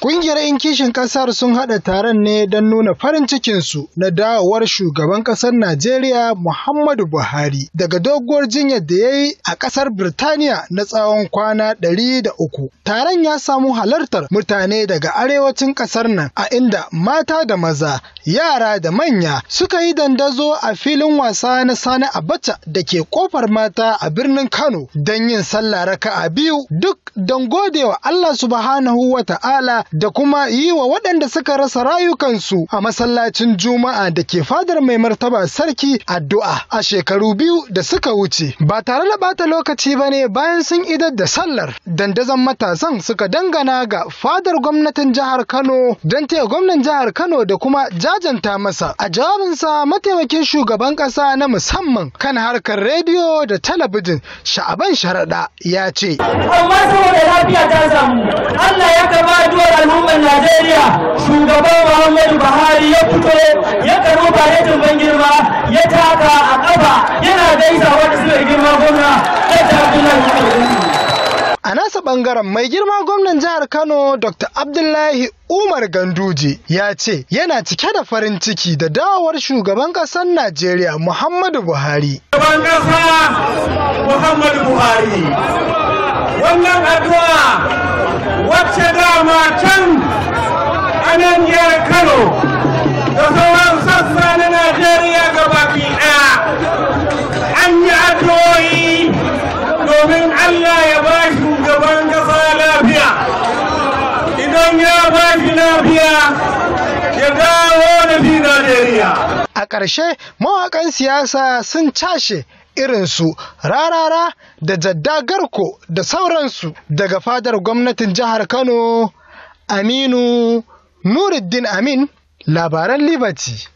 Ƙungiyar 'yan kishin ƙasar sun haɗa taron ne don nuna farin cikinsu na dawowar shugaban ƙasar Najeriya Muhammadu Buhari daga doguwar jinyar da ya yi a ƙasar Birtaniya na tsawon kwana ɗari da uku. Taron ya samu halartar mutane daga arewacin ƙasar nan a inda mata da maza yara da manya suka yi dandazo a filin wasa na Sani Abacha da ke kofar mata a birnin Kano don yin sallah raka'a biyu duk don godewa Allah subhanahu wa ta'ala da kuma yi wa waɗanda suka rasa rayukansu a masallacin Juma'a da ke fadar mai martaba sarki addu'a a shekaru biyu da suka wuce ba tare da bata lokaci ba ne bayan sun idar da sallar dandazon matasan suka dangana ga fadar gwamnatin jihar Kano don taya gwamnan jihar Kano da kuma jihar jajanta masa a jawabinsa mataimakin shugaban ƙasa na musamman kan harkar rediyo da talabijin sha'aban sharaɗa ya ce. Amma saboda lafiya ta samu Allah ya kama duwar al'ummar Najeriya shugaban Muhammadu Buhari ya fito ya karo ba da nasa bangaren mai girma gwamnan jihar Kano Dr. Abdullahi Umar Ganduje ya ce yana cike da farin ciki da dawowar shugaban ƙasar Najeriya Muhammadu Buhari. Shugaban ƙasa Muhammadu Buhari. Wannan addu'a wacce dama can Kano. A ƙarshe mawaƙan siyasa sun cashe irinsu rarara da jaddagarko da sauransu daga fadar gwamnatin jihar Kano Aminu Nuruddin Amin labaran Liberty.